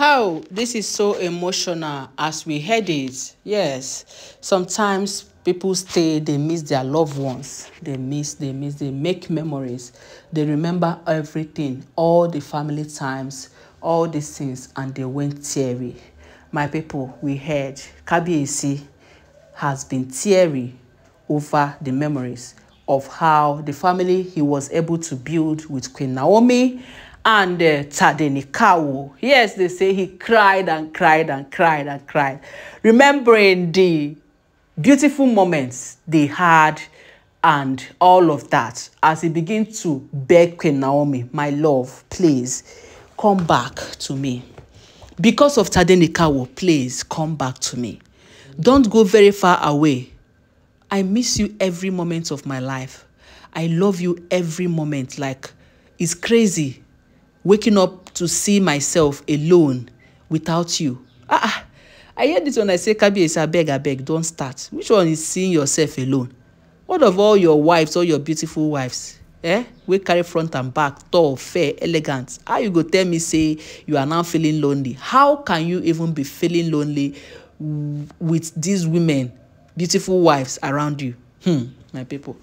How this is so emotional as we heard it. Yes, sometimes people stay, they miss their loved ones. They miss, they miss, they make memories. They remember everything, all the family times, all the things, and they went teary. My people, we heard Kabiyesi has been teary over the memories of how the family he was able to build with Queen Naomi and uh, Tadenikawo. Yes, they say he cried and cried and cried and cried, remembering the beautiful moments they had and all of that as he began to beg Queen Naomi, my love, please come back to me. Because of Tadenikawo, please come back to me. Don't go very far away. I miss you every moment of my life. I love you every moment. Like, it's crazy waking up to see myself alone without you ah, ah. i hear this one i say kabiyesi abeg abeg don start which one is seeing yourself alone what of all your wives all your beautiful wives eh wey carry front and back tall fair elegant how you go tell me say you are now feeling lonely how can you even be feeling lonely with these women beautiful wives around you hmm my people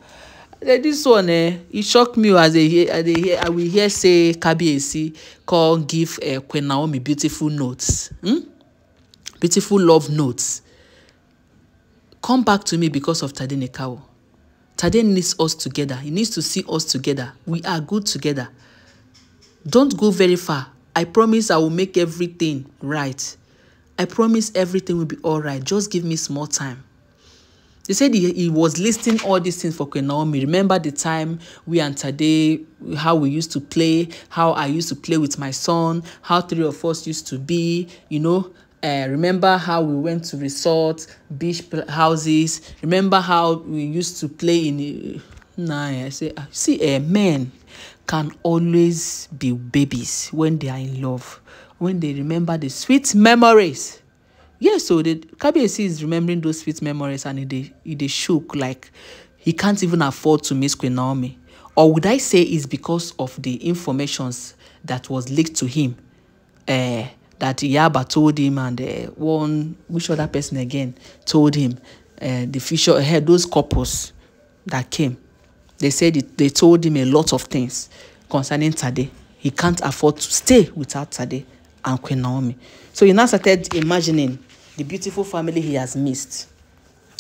Eh, this one eh It shocked me as i hear i i will hear say kabiyesi come give uh, queen naomi beautiful notes hmm? beautiful love notes come back to me because of tade nekawo tade needs us together he needs to see us together we are good together don't go very far i promise i will make everything right i promise everything will be all right just give me small time They said he, he was listing all these things for Queen Remember the time we and today, how we used to play, how I used to play with my son, how three of us used to be, you know, uh, remember how we went to resorts, beach houses. Remember how we used to play in. Uh, nah, I say, ah, see, uh, men can always be babies when they are in love, when they remember the sweet memories yes so the kbac is remembering those sweet memories and he he shook like he can't even afford to miss queen naomi or would i say it's because of the informations that was leaked to him uh, that Yaba told him and uh, one which other person again told him uh, the future ahead those couples that came they said it, they told him a lot of things concerning Tade he can't afford to stay without Tade and Queen Naomi so he now started imagining the beautiful family he has missed.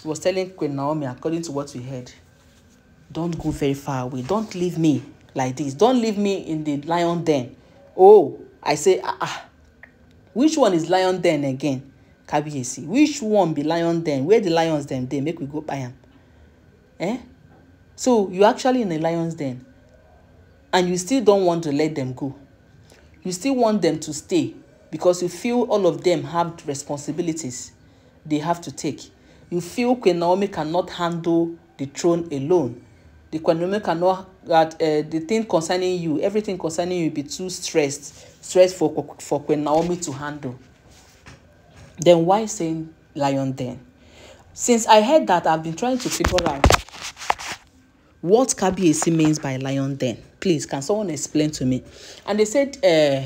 He was telling Queen Naomi, according to what we heard, don't go very far away. Don't leave me like this. Don't leave me in the lion den. Oh, I say, ah, ah. Which one is lion den again? Kabiyesi. Which one be lion den? Where the lions den They Make we go buy am. Eh? So you actually in a lion's den and you still don't want to let them go. You still want them to stay because you feel all of them have responsibilities they have to take. You feel Queen Naomi cannot handle the throne alone. The Queen Naomi cannot, uh, the thing concerning you, everything concerning you be too stressed, stressed for, for Queen Naomi to handle. Then why saying lion then? Since I heard that, I've been trying to figure out what Kabiesi means by lion then. Please, can someone explain to me? And they said, uh,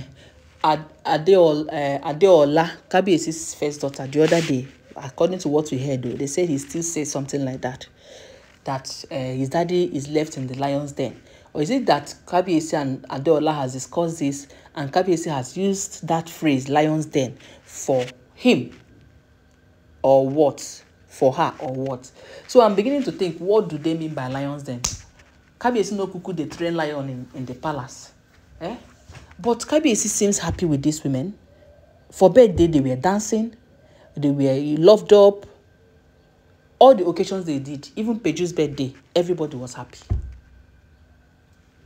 Adeol, uh, Adeola, Kabiyesi's first daughter, the other day, according to what we heard, though, they said he still says something like that, that uh, his daddy is left in the lion's den. Or is it that Kabiyesi and Adeola has discussed this and Kabiyesi has used that phrase, lion's den, for him or what? For her or what? So I'm beginning to think, what do they mean by lion's den? Kabiyesi no kuku the train lion in, in the palace. Eh? But Kabiesi seems happy with these women. For birthday, they were dancing, they were loved up. All the occasions they did, even Peju's birthday, everybody was happy.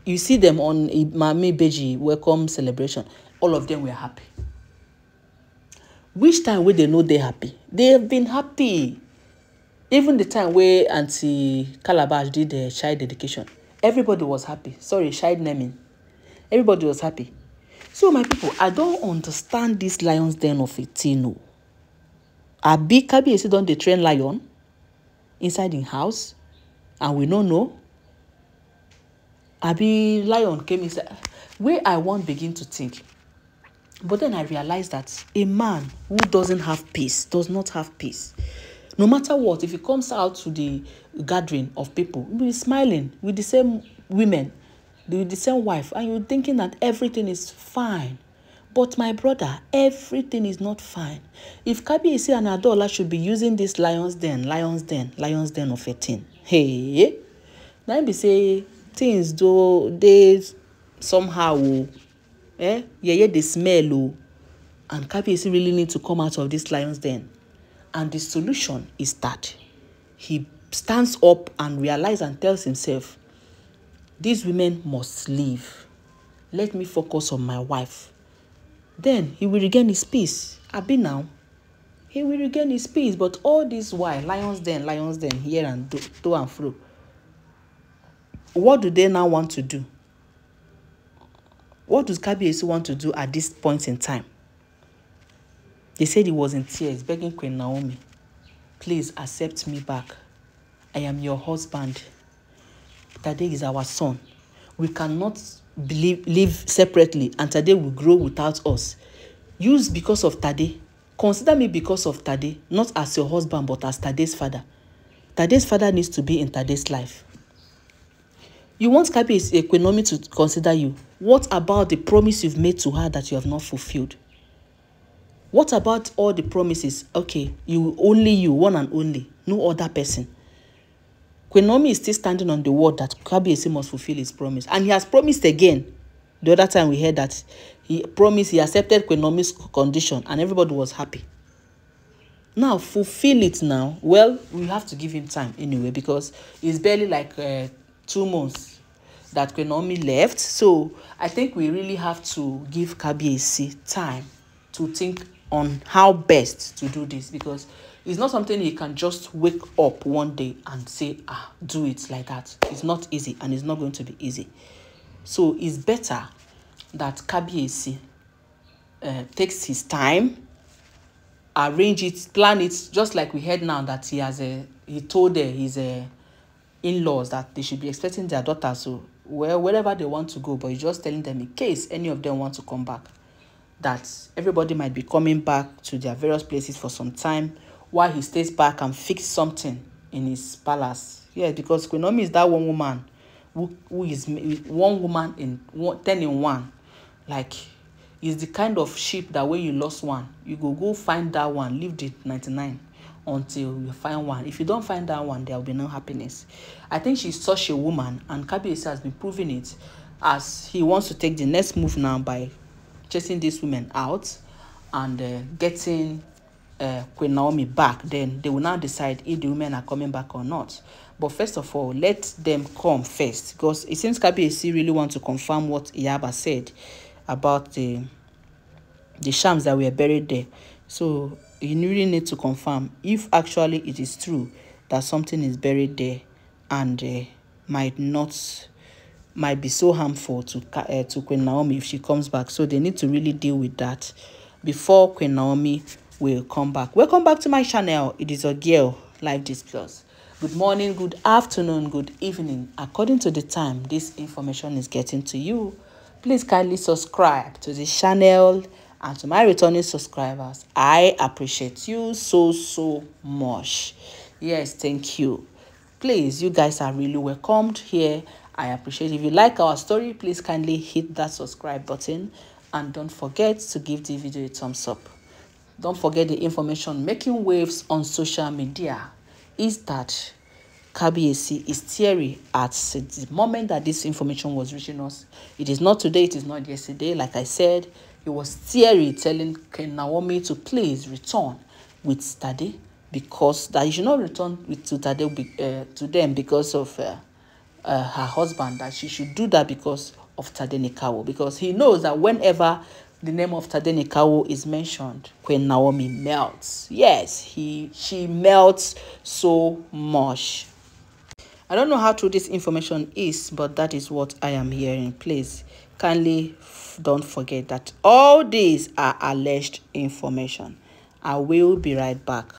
You see them on Mami Beji welcome celebration. All of them were happy. Which time wey they know they happy? They have been happy. Even the time wey Aunty Calabash did the child dedication, everybody was happy. Sorry, child naming. Everybody was happy so my people i don understand this lions den of a thing o oh. abi kabiyesi don dey train lion inside im house and we no know abi lion came inside wey i wan begin to think but then i realize that a man who doesn't have peace does not have peace no matter what if he comes out to the gathering of people he be smiling with the same women the, the same wife, and you're thinking that everything is fine. But my brother, everything is not fine. If Kabi is Kabiyesi and I should be using this lion's den, lion's den, lion's den of a thing, hey, na be say things do they somehow o, eh, yeah yeah they smell oh, and Kabi is really need to come out of this lion's den. And the solution is that he stands up and realizes and tells himself These women must leave. Let me focus on my wife. Then he will regain his peace. Abi now. He will regain his peace. But all this while, lions then, lions then, here and do, to and fro. What do they now want to do? What does Kabiyesi want to do at this point in time? They said he was in tears, begging Queen Naomi, please accept me back. I am your husband. Tade is our son. We cannot believe, live separately and Tade will grow without us. Use because of Tade. Consider me because of Tade, not as your husband but as Tade's father. Tade's father needs to be in Tade's life. You want Kabi's economy to consider you. What about the promise you've made to her that you have not fulfilled? What about all the promises? Okay, you only you, one and only, no other person. Queen is still standing on the word that Kabiyesi must fulfill his promise. And he has promised again. The other time we heard that he promised, he accepted Queen condition and everybody was happy. Now, fulfill it now. Well, we have to give him time anyway because it's barely like uh, two months that Queen left. So I think we really have to give Kabiyesi time to think on how best to do this because it's not something you can just wake up one day and say ah do it like that it's not easy and it's not going to be easy so it's better that kabiesi uh, takes his time arrange it plan it just like we heard now that he has a he told uh, his uh, in-laws that they should be expecting their daughters so well wherever they want to go but he's just telling them in case any of them want to come back that everybody might be coming back to their various places for some time while he stays back and fix something in his palace. Yes, because Queen Naomi is that one woman who, who is one woman in one, ten in one. Like, is the kind of sheep that when you lost one, you go go find that one, leave the 99 until you find one. If you don't find that one, there will be no happiness. I think she's such a woman, and Kabiyesi has been proving it as he wants to take the next move now by chasing these women out and uh, getting uh, Queen Naomi back, then they will now decide if the women are coming back or not. But first of all, let them come first because it seems KPAC really want to confirm what Yaba said about the the shams that were buried there. So you really need to confirm if actually it is true that something is buried there and uh, might not might be so harmful to, uh, to Queen Naomi if she comes back. So they need to really deal with that before Queen Naomi will come back. Welcome back to my channel. It is your girl, Life This Good morning, good afternoon, good evening. According to the time this information is getting to you, please kindly subscribe to this channel and to my returning subscribers. I appreciate you so, so much. Yes, thank you. Please, you guys are really welcomed here I appreciate If you like our story, please kindly hit that subscribe button and don't forget to give the video a thumbs up. Don't forget the information making waves on social media is that KBAc is theory at the moment that this information was reaching us. It is not today, it is not yesterday. Like I said, it was theory telling Ken Naomi to please return with study because that he should not return with to Tade uh, to them because of uh, uh, her husband that she should do that because of Tadenikawo, because he knows that whenever the name of Tadenikawo is mentioned, Queen Naomi melts. Yes, he she melts so much. I don't know how true this information is, but that is what I am hearing. Please kindly don't forget that all these are alleged information. I will be right back.